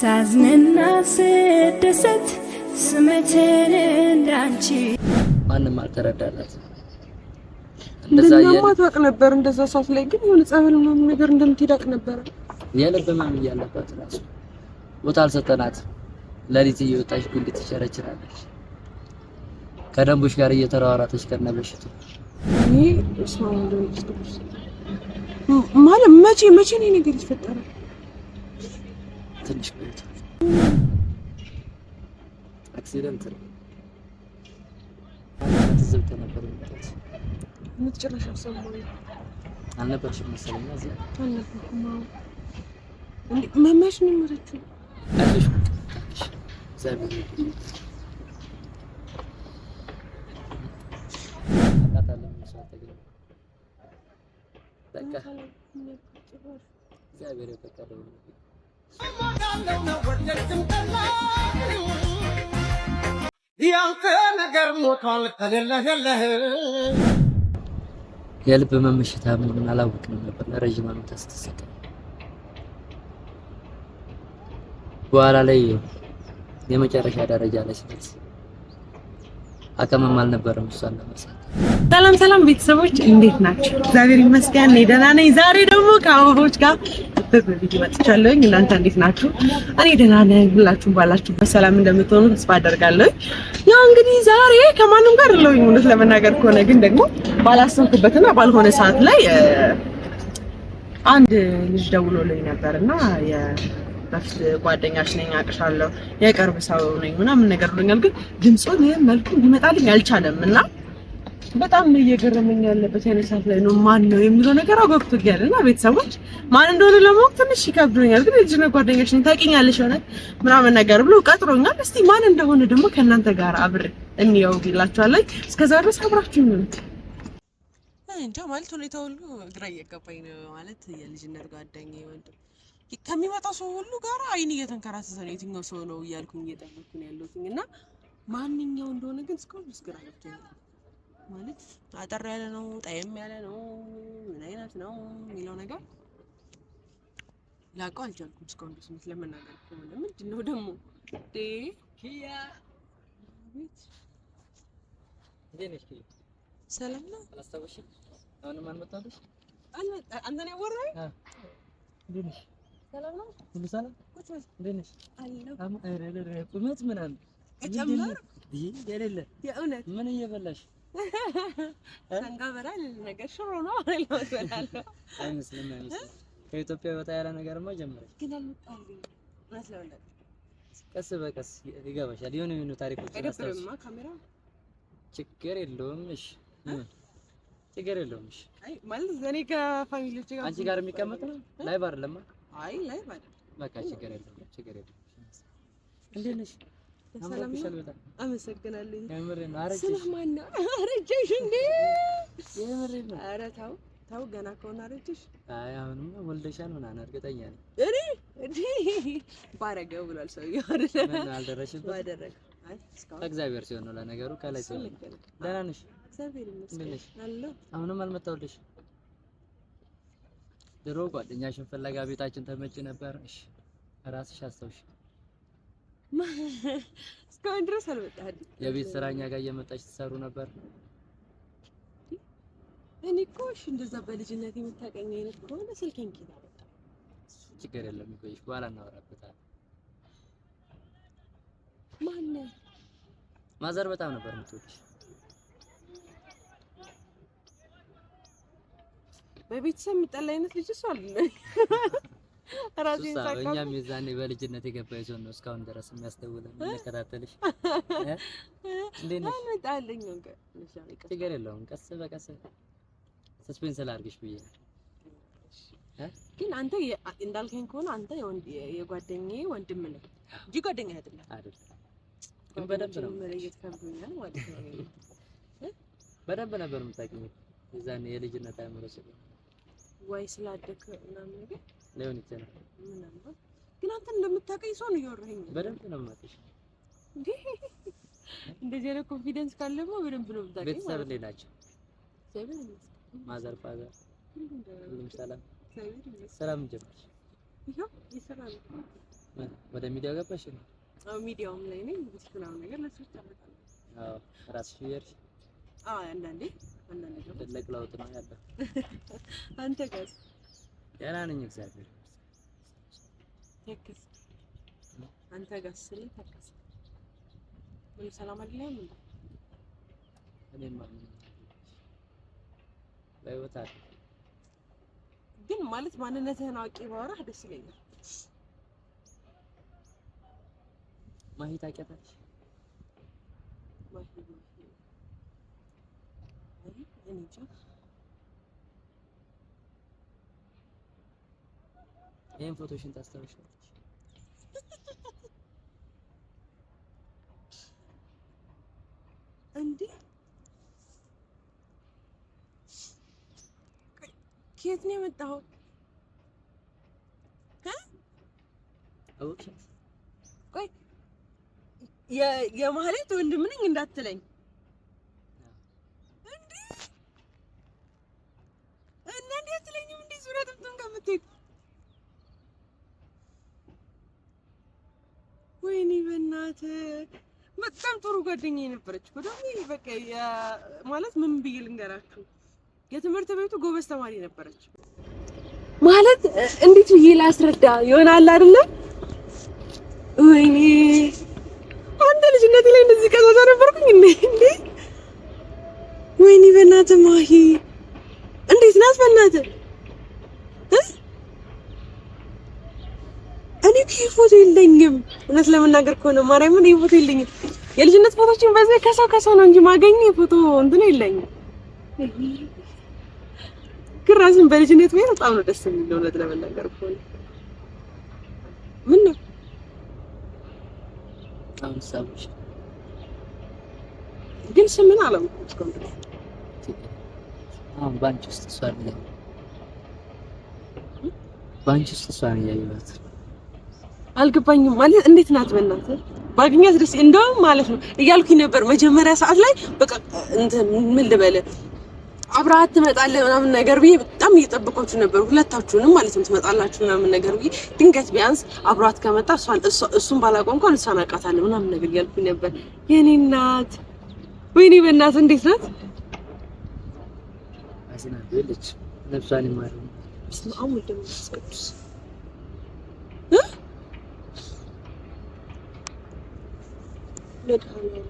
ሳዝንና ስደሰት ስመትን እንዳንቺ ማንም አልተረዳላት። እንደዛማ ታውቅ ነበር። እንደዛ ሰዓት ላይ ግን የሆነ ጸበል ምናምን ነገር እንደምትሄድ አውቅ ነበረ። የልብ ህመም እያለባት ራሱ ቦታ አልሰጠናት። ለሊት እየወጣች ጉንድ ትቸረችራለች። ከደንቦች ጋር እየተሯሯጠች ከነበሽቱ ይህ ማለት መቼ መቼ ነው ነገር ይፈጠራል? ትንሽ ናት። አክሲደንት ነው። ዘብተ ነበር መጣት የምትጨረሻ ሰሞኑን አልነበርሽም መሰለኝ። እዚህ አልነበርኩም። መማሽ ነው የሞተችው። እግዚአብሔር የልብ መመሸት ምናምን አላወቅንም ነበር። ለረዥም ዓመት አስተሰጠ በኋላ ላይ የመጨረሻ ደረጃ ላይ ሲደርስ አቅምም አልነበረም እሷን ለመሳት ሰላም ሰላም ቤተሰቦች እንዴት ናቸው? እግዚአብሔር ይመስገን ደህና ነኝ። ዛሬ ደግሞ ከአበቦች ጋር በቪዲዮ መጥቻለሁኝ። እናንተ እንዴት ናችሁ? እኔ ደህና ነኝ። ሁላችሁም ባላችሁበት ሰላም እንደምትሆኑ ተስፋ አደርጋለሁኝ። ያው እንግዲህ ዛሬ ከማንም ጋር ለውኝ እውነት ለመናገር ከሆነ ግን ደግሞ ባላሰብኩበትና ባልሆነ ሰዓት ላይ አንድ ልጅ ደውሎልኝ ነበርና በፊት ጓደኛሽ ነኝ አቅሻለሁ፣ የቅርብ ሰው ነኝ ምናምን ነገር ብሎኛል። ግን ድምፁን መልኩ ሊመጣልኝ አልቻለም እና በጣም እየገረመኝ ያለበት አይነት ሰዓት ላይ ነው። ማን ነው የሚለው ነገር አጓግቶኛል እና ቤተሰቦች ማን እንደሆነ ለማወቅ ትንሽ ይከብዶኛል። ግን የልጅነት ጓደኞች ነው ታውቂኛለሽ ሆነ ምናምን ነገር ብሎ ቀጥሮኛል። እስቲ ማን እንደሆነ ደግሞ ከእናንተ ጋር አብር እንየው ይላችኋለኝ። እስከዛ ድረስ አብራችሁ ነው እንጃ ማለት ሁኔታ ሁሉ ግራ እየገባኝ ነው። ማለት የልጅነት ጓደኛ ወንድም ከሚመጣው ሰው ሁሉ ጋር አይን እየተንከራተተ ነው የትኛው ሰው ነው እያልኩኝ እየጠበኩኝ ያለሁት እና ማንኛው እንደሆነ ግን እስካሁን ግራ ገብቶኛል። ማለት አጠር ያለ ነው፣ ጣየም ያለ ነው፣ ምን አይነት ነው የሚለው ነገር ላውቀው አልቻልኩም። እስካሁን ድረስ እውነት ለመናገር ከሆነ ምንድን ነው ደግሞ ሰላም ነው። አሁንም አልመጣልሽ። አንተ ነው እንዴት ነሽ? ሰላም ነው። ሁሉ ሰላም። እንዴት ነሽ? ቁመት ምናምን የሌለ የእውነት ምን እየበላሽ ሰንጋ በላል ነገር ሽሮ ነው እበላለሁ። አይመስልም አይመስልም። ከኢትዮጵያ ወጣ ያለ ነገርማ ጀመረች። ግን አልመጣልኝም መስለውለት ቀስ በቀስ ይገባሻል። የሆነ የሆኑ ታሪኮች ካሜራ ችግር የለውም። እሺ ችግር የለውም። እሺ አይ ማለት እኔ ከፋሚሊዎች ጋር አንቺ ጋር የሚቀመጥ ነው ላይቭ አይደለማ። አይ ላይቭ አይደለም። በቃ ችግር የለውም። ችግር የለውም። እንዴት ነሽ? በሰላም ነው። አመሰግናለሁ። ስለማና አረጀሽ እንዴ? ኧረ ተው ገና ከሆነ አረጀሽ። አይ አሁንማ ወልደሻል ምናምን እርግጠኛ ነኝ። እኔ እንዴ ባረገው ብሏል ሰውዬው አይደለም። አልደረሽበት ባደረገ ከእግዚአብሔር ሲሆን ነው ለነገሩ። ከላይ ሲሆን ደህና ነሽ? እግዚአብሔር ይመስገን አለሁ። አሁንም አልመጣሁልሽም። ድሮ ጓደኛሽን ፍለጋ ቤታችን ተመጭ ነበር። እሺ ራስሽ አስተውሽ እስካሁን ድረስ አልመጣህልኝ። የቤት ስራ ጋር እየመጣች ትሰሩ ነበር። እኔ እኮ እሺ፣ እንደዛ በልጅነት የምታውቀኝ አይነት ከሆነ ስልኬን ኪዳ በቃ ችግር የለም። ይቆይሽ፣ በኋላ እናወራበታለን። ማነህ? ማዘር በጣም ነበር የምትወድሽ። በቤተሰብ የሚጠላ አይነት ልጅ እሷ አይደለም። ራሴን ሳካ እኛም የዛኔ በልጅነት የገባ ይዞ ነው እስካሁን ድረስ የሚያስተውለን የሚከታተልሽ። እንዴት ነሽ? አመጣልኝ ችግር የለውም ቀስ በቀስ ሰስፔንስ ላድርግሽ ብዬ ግን አንተ እንዳልከኝ ከሆነ አንተ የጓደኛዬ ወንድም ነህ እንጂ ጓደኛ አይደለም በደንብ ነበር የምታውቂኝ የዛኔ የልጅነት አእምሮ ስለሆነ ወይ ስላደክ ምናምን ነገር ላይሆን ይችላል። ግን አንተ እንደምታውቀኝ ሰው ነው እያወራኸኝ። በደንብ ነው የማውቅሽ። እንደዚህ አይነት ኮንፊደንስ ካለማ በደንብ ነው የምታውቀኝ። ቤተሰብ እንዴት ናቸው? ማዘር ፋዘር፣ ሁሉም ሰላም? ሰላም ጀመርሽ? ወደ ሚዲያው ገባሽ? ሚዲያውም ላይ ነኝ። ነገር ለሰዎች አመጣለሁ። አዎ እራስሽ እየሄድሽ አንዳንዴ አንዳንዴ ትልቅ ለውጥ ነው ያለው አንተ ጋር ደህና ነኝ እግዚአብሔር ይመስገን። አንተ ጋር ስል ተከሰ ምን ሰላም አይደለም እንዴ? እኔማ በሕይወት አለ ግን ማለት ማንነትህን አውቄ ባወራህ ደስ ይለኛል። ማሂ ታውቂያታለሽ? ማሂ ማሂ እኔ እንጃ ይሄን ፎቶሽን ታስታውሻለሽ? እንዴ ከየት ነው የመጣው? ቆይ የማህሌት ወንድም ነኝ እንዳትለኝ ናት። በጣም ጥሩ ጓደኛዬ ነበረች። በደም በቃ ማለት ምን ብዬ ልንገራችሁ፣ የትምህርት ቤቱ ጎበዝ ተማሪ ነበረች። ማለት እንዴት ብዬ ላስረዳ ይሆናል አይደለም? ወይኔ እውነት ለመናገር ከሆነ ማርያምን ፎቶ የለኝም። የልጅነት ፎቶችን በዚህ ከሰው ከሰው ነው እንጂ ማገኝ የፎቶ እንትን የለኝም። ግን በልጅነት ቤት በጣም ነው ደስ የሚል። እውነት ለመናገር ከሆነ ምን ነው ግን ስምን አላውቅም አሁን በአንቺ ውስጥ እሷን እያየኋት ውስጥ እያየኋት አልገባኝም ማለት እንዴት ናት? በእናትህ ባግኛት ደስ እንደውም ማለት ነው እያልኩኝ ነበር መጀመሪያ ሰዓት ላይ በቃ እንትን ምን ልበለ አብረሀት ትመጣለህ ምናምን ነገር ብዬ በጣም እየጠበኳችሁ ነበር። ሁለታችሁንም ማለት ነው ትመጣላችሁ ምናምን ነገር ብዬ ድንገት ቢያንስ አብረሀት ከመጣ እሱን ባላውቀው እንኳን እሷን አውቃታለሁ ምናምን ነገር እያልኩኝ ነበር። የኔ እናት ወይኔ በእናት እንዴት ናት? ነፍሷን ይማረው። Dört kalıyor.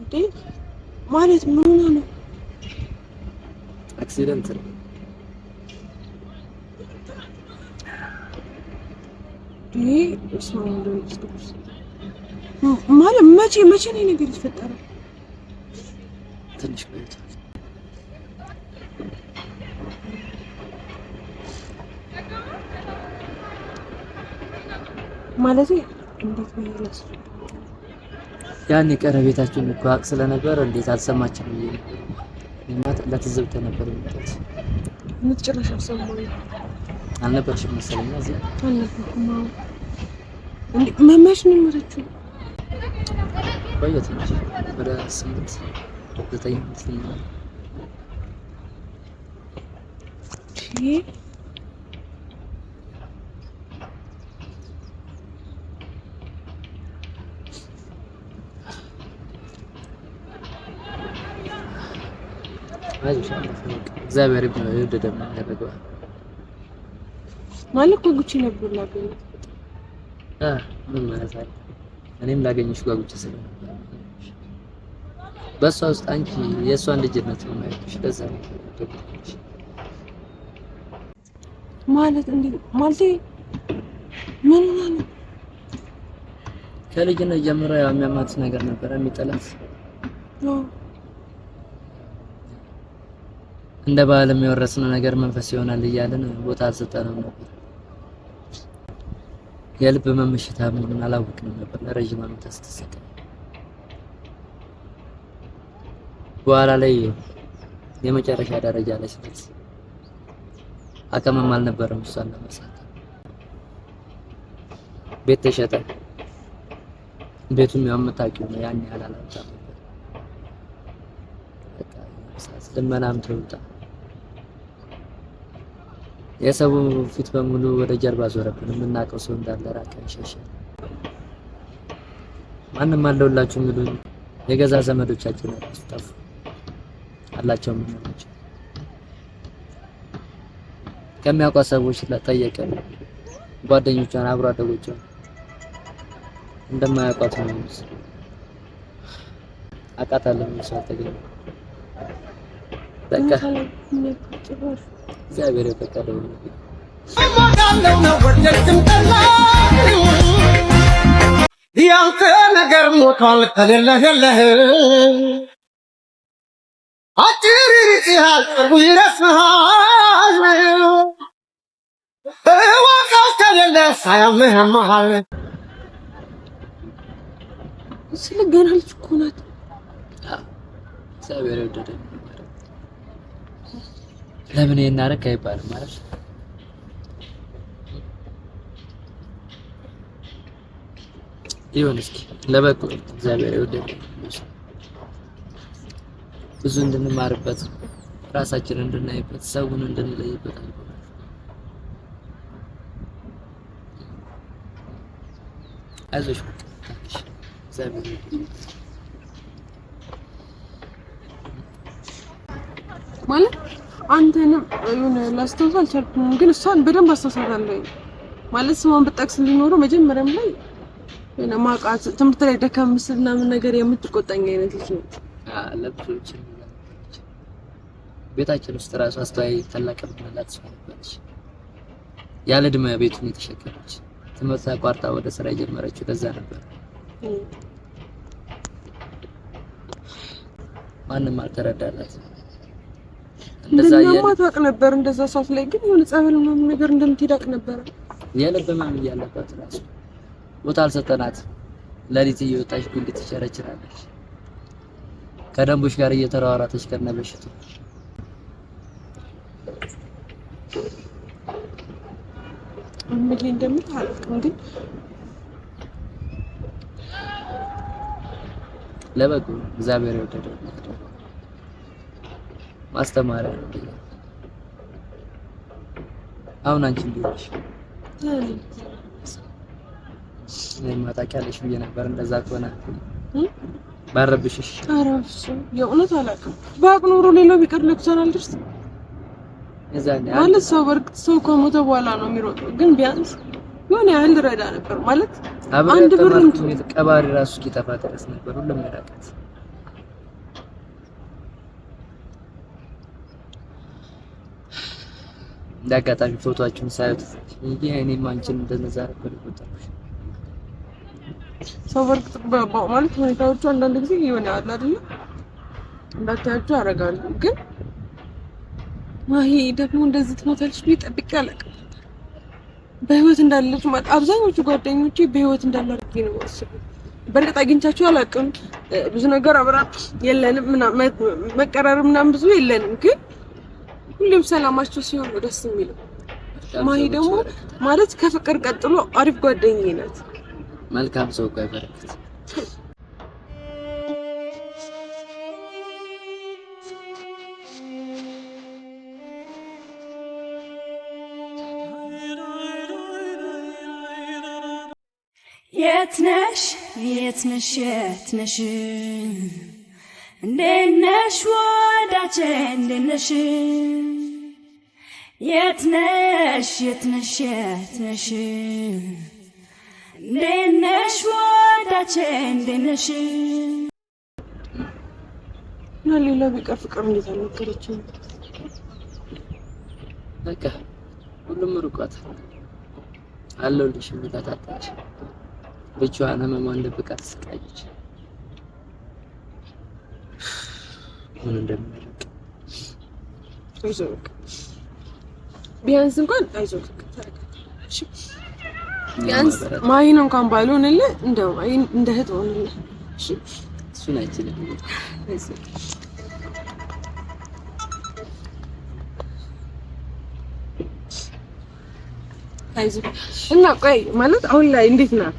እንዴት ማለት ምን ሆነ ነው? አክሲደንት ነው። ማለት መቼ መቼ ነው ነገር ይፈጠራል? ትንሽ ቆይቷል። ማለት እንዴት ነው ይመስል ያን የቀረቤታችን እኮ አቅ ስለነበረ እንዴት አልሰማችም ብዬ ነው። እናት ነበር የመጣች ምትጭራሽ አልሰማሁም። አልነበርሽም መሰለኝ እዚህ አልነበርኩም። እንዴ መመሽ ነው ወደ ስምንት ዘጠኝ እግዚአብሔር የወደደ ያደርገዋል። ማለት ጓጉቼ ነበር ምን ማለት አለ? እኔም ላገኘሽ ጓጉቼ ስለሆነ በእሷ ውስጥ አንቺ የእሷን ልጅነት ነው የማይልሽ። ነው ማለት እንዴ? ምን ነው ከልጅነት ጀምሮ ያው የሚያማት ነገር ነበረ የሚጠላት እንደ ባህልም የወረስነው ነገር መንፈስ ይሆናል እያልን ቦታ አልሰጠንም ነበር። የልብ መምሽታ መሆኑን አላወቅንም ነበር። ለረዥም ዓመት አስተሰጠ። በኋላ ላይ የመጨረሻ ደረጃ ላይ ስለዚህ አቅምም አልነበረም እሷን ለመርሳት። ቤት ተሸጠ። ቤቱም ያው የምታውቂው ነው። ያን ያህል አላወጣም ነበር። ልመናም ተውጣ የሰው ፊት በሙሉ ወደ ጀርባ ዞረብን። የምናውቀው ሰው እንዳለ ራቀን፣ ሸሸን። ማንም አለውላችሁ የሚሉን የገዛ ዘመዶቻችን ጠፉ። አላቸው የምንላቸው ከሚያውቋ ሰዎች ለጠየቀ ጓደኞቿን፣ አብሮ አደጎቿን እንደማያውቋት ነው አቃታለን። ሰው አልተገኘም። በቃ እግዚአብሔር የፈቀደው ያንተ ነገር ሞቷል። የለህ አጭር ይርጽሃል፣ ቅርቡ ይረስሃል። እኮ ናት እግዚአብሔር ለምን እናደርግ አይባልም ማለት ይሁን እስኪ ለበቁ እግዚአብሔር ይወደድ ብዙ እንድንማርበት ራሳችን እንድናይበት ሰውን እንድንለይበት አይዞሽ ማለት አንተንም የሆነ ላስታውስ አልቻልኩም፣ ግን እሷን በደንብ አስታውሳታለሁ። ማለት ስሟን ብጠቅስ ሊኖረው መጀመሪያም ላይ የሆነ ማቃት ትምህርት ላይ ደካም ምስል ምናምን ነገር የምትቆጣኝ አይነት ልጅ ነው። ለብዙዎች ቤታችን ውስጥ ራሱ አስተዋይ ታላቅ ምላት ሰው ነበረች። ያለ ዕድሜ ቤቱን የተሸከመች ትምህርት አቋርጣ ወደ ስራ የጀመረችው ለዛ ነበር። ማንም አልተረዳላት። እንደዛ ያማ ታውቅ ነበር። እንደዛ ሰዓት ላይ ግን የሆነ ጸበል ምናምን ነገር እንደምትሄድ አውቅ ነበር። የልብ ህመም እያለባት ራሱ ቦታ አልሰጠናት። ለሊት እየወጣች ጉንድ ትቸረችራለች። ከደንቦች ጋር እየተሯሯጠች ከነ በሽታው እምዬ እንደምታውቅም ግን ለበጎ እግዚአብሔር የወደደው ማስተማሪያ ነው። አሁን አንቺ እንዴት ነሽ? እኔማ ታውቂያለሽ ብዬሽ ነበር። እንደዛ ከሆነ ባረብሽሽ። ኧረ እሱን የእውነት አላውቅም። በአቅ ኖሮ ሌላው ቢቀር ለቅሶን አልደርስም ማለት ሰው በእርግጥ ሰው ከሞተ በኋላ ነው የሚሮጠው፣ ግን ቢያንስ ምን ያህል ረዳ ነበር ማለት አንድ ብር እንትን ቀባሪ ራሱ እስኪጠፋ ድረስ ነበር ሁሉም እንደ አጋጣሚ ፎቶአችሁን ሳያዩት እንጂ እኔም አንቺን እንደነዛ ነበር ቁጥር ሰው በርግጥ ማለት ሁኔታዎቹ አንዳንድ ጊዜ ይሆን ያለ አይደል እንዳታያቸው ያደርጋሉ። ግን ማሂ ደግሞ እንደዚህ ትሞታለች ብዬ ጠብቄ አላውቅም። በህይወት እንዳለች ማለት አብዛኞቹ ጓደኞቼ በህይወት እንዳላርግ ነው አስቡ። በእርግጥ አግኝቻቸው አላውቅም። ብዙ ነገር አብራ የለንም መቀራረብ ምናምን ብዙ የለንም ግን ሁሌም ሰላማቸው ሲሆን ነው ደስ የሚለው። ማሂ ደግሞ ማለት ከፍቅር ቀጥሎ አሪፍ ጓደኛዬ ናት። መልካም ሰው ቆይ በረከት የትነሽ የትነሽ የትነሽ እንዴት ነሽ ወዳጄ የትነሽ ነሽ የት ነሽ የት ነሽ እና ሌላ ቢቀር ፍቅር እንዴት አልነገረችም? በቃ ሁሉም ርቋት አለሁልሽ ብላ ታጣች። ብቻዋን ህመሟን ደብቃ ትስቃለች። ምን እንደሚመረጥ አይዞህ ቢያንስ እንኳን አይዞህ በቃ ቢያንስ ማይን እንኳን ባልሆንልህ እንደው እንደ እህት ሆንልህ። እሱን አይችልም። እና ቆይ ማለት አሁን ላይ እንዴት ናት?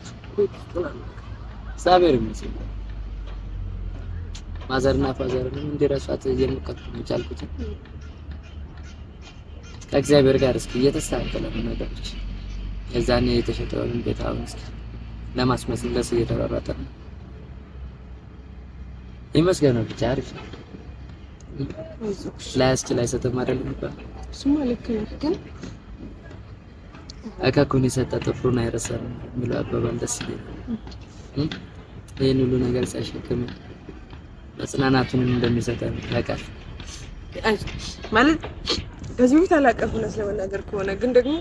እግዚአብሔር ይመስገን። ማዘርና ፋዘርንም እንዲረሷት እየሞከርኩ ነው የቻልኩትን። ከእግዚአብሔር ጋር እስኪ እየተስተካከለ ነው ነገሮች። የዛኔ የተሸጠውን ቤት አሁን እስኪ ለማስመለስ እየተሯሯጠ ነው። ይመስገነው ብቻ አሪፍ ነው። ላይ አይሰጥም አይደለም ይባላል። እሱማ ልክ ነህ፣ ግን እከኩን የሰጠ ጥፍሩን አይረሳም የሚለው አባባል ደስ ይላል። ይህን ሁሉ ነገር ሲያሸክም መጽናናቱን እንደሚሰጠን ያውቃል። ማለት ከዚህ በፊት አላውቅም እውነት ለመናገር ከሆነ ግን ደግሞ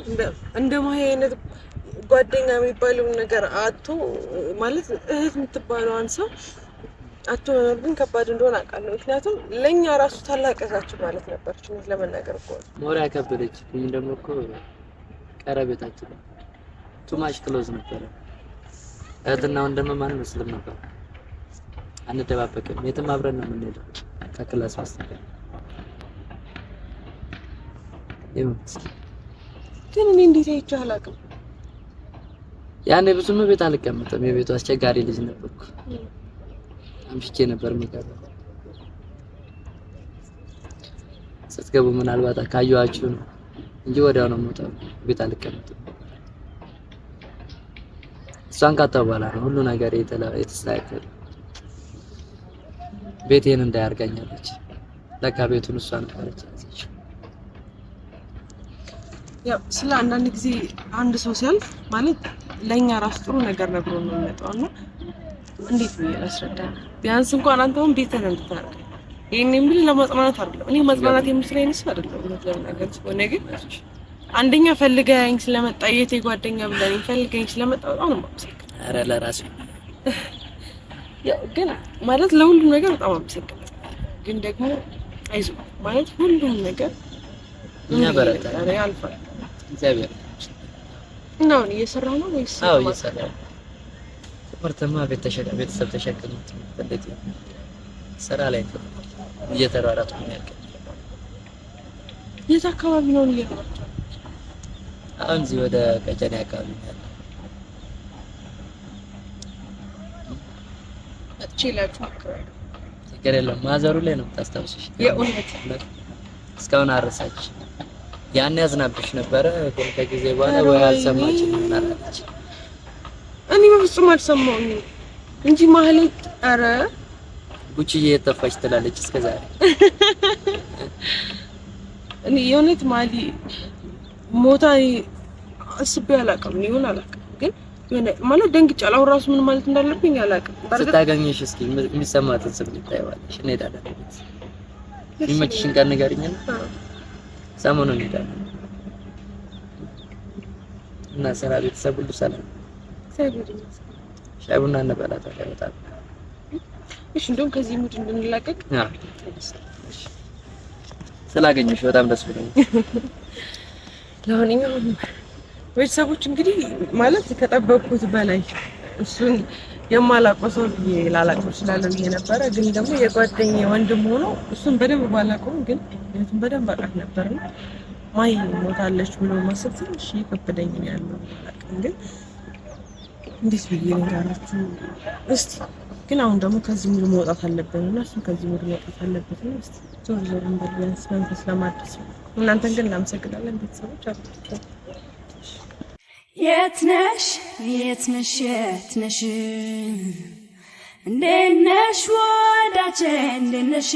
እንደ ማሄ አይነት ጓደኛ የሚባለውን ነገር አቶ ማለት እህት የምትባለዋን ሰው አቶ መኖር ግን ከባድ እንደሆነ አውቃለሁ። ምክንያቱም ለእኛ ራሱ ታላቀሳችሁ ማለት ነበረች እውነት ለመናገር ከሆነ ሞሪ ያከበደች ይህ ደግሞ እኮ ቀረቤታችሁ ቱማሽ ክሎዝ ነበረ እህትና ወንድም መስልም ነበር አንደባበቅም። የትም አብረን ነው የምንሄደው ከክላስ ውስጥ ግን እኔ እንዴት አይቼው አላውቅም። ያኔ ብዙም ቤት አልቀመጥም። የቤቱ አስቸጋሪ ልጅ ነበርኩ። አምሽቼ ነበር የምገባው። ስትገቡ ምናልባት ካየኋችሁ ነው እንጂ ወዲያው ነው የምወጣው። ቤት አልቀመጥም። እሷን ካጣሁ በኋላ ነው ሁሉ ነገር የተስተካከለ ቤቴን እንዳያርጋኛለች። ለካ ቤቱን እሷ ነበረች ያዘችው። ያው ስለ አንዳንድ ጊዜ አንድ ሰው ሲያልፍ ማለት ለእኛ ራሱ ጥሩ ነገር ነግሮ ነው የሚመጣው እና እንዴት ነው ያስረዳ። ቢያንስ እንኳን አንተ አሁን ቤትህን እንድታርቅ ይህን የሚል ለማጽናናት አይደለም። እኔ ማጽናናት የምችል አይነት ሰው አይደለም ሆነ ግን አንደኛ ፈልገኝ ስለመጣ የቴ ጓደኛ ብለህ ፈልገኝ ስለመጣ በጣም ነው ማመሰግ ኧረ ለራሴ ግን ማለት ለሁሉም ነገር በጣም አመሰግናለሁ። ግን ደግሞ አይዞ ማለት ሁሉም ነገር ያበረታል፣ ያልፋል። እግዚአብሔር እና አሁን እየሰራህ ነው ወይስ? አዎ እየሰራህ ነው። ትምህርትማ ቤተሰብ ተሸክመህ ትምህርት ስራ ላይ ነው እየተሯሯጥኩ ነው ያልከኝ። የት አካባቢ ነው? አሁን እዚህ ወደ ቀጨኔ አካባቢ ነው ያለው ችላችሁ ችግር የለም። ማዘሩ ላይ ነው ታስታውስሽ። የእውነት እስካሁን አረሳች። ያን ያዝናብሽ ነበረ፣ ግን ከጊዜ በኋላ ወይ አልሰማችም እኔ በፍጹም እንጂ ማህሌት፣ ጉቺዬ የጠፋች ትላለች እኔ የእውነት ማሊ ሞታ አስቤ አላውቅም፣ ይሁን አላውቅም ግን ማለት ደንግጫለሁ። አሁን ራሱ ምን ማለት እንዳለብኝ አላውቅም። ስታገኘሽ እስኪ የሚሰማትን ስሜት ታይዋለሽ። እንሄዳለን። የሚመችሽን ቀን ንገሪኝ። ሰሞኑን እንሄዳለን እና ስራ፣ ቤተሰብ ሁሉ ሰላም። ሻይ ቡና እንበላታለን። በጣም እሺ። እንደውም ከዚህ ሙድ እንድንላቀቅ ስላገኘሽ በጣም ደስ ብሎኛል። ለሆነኛውም ቤተሰቦች እንግዲህ ማለት ከጠበቅኩት በላይ እሱን የማላውቀው ሰው ብዬ ላላውቀው እችላለሁ ብዬ ነበረ። ግን ደግሞ የጓደኛ ወንድም ሆኖ እሱን በደንብ ባላውቀውም ግን እህቱን በደንብ አውቃት ነበር እና ማይ ሞታለች ብሎ ማሰብ ትንሽ እየከበደኝ ነው ያለው። ግን እንዴት ብዬ ንጋራችሁ እስቲ። ግን አሁን ደግሞ ከዚህ ሙድ መውጣት አለብን እና እሱ ከዚህ ሙድ መውጣት አለበት እና እስቲ ዞር ዞር እንበል ቢያንስ መንፈስ ለማድረስ ነው። እናንተን ግን እናመሰግናለን ቤተሰቦች አሉ የትነሽ የትነሽ የትነሽ እንዴነሽ ወዳጄ እንዴነሽ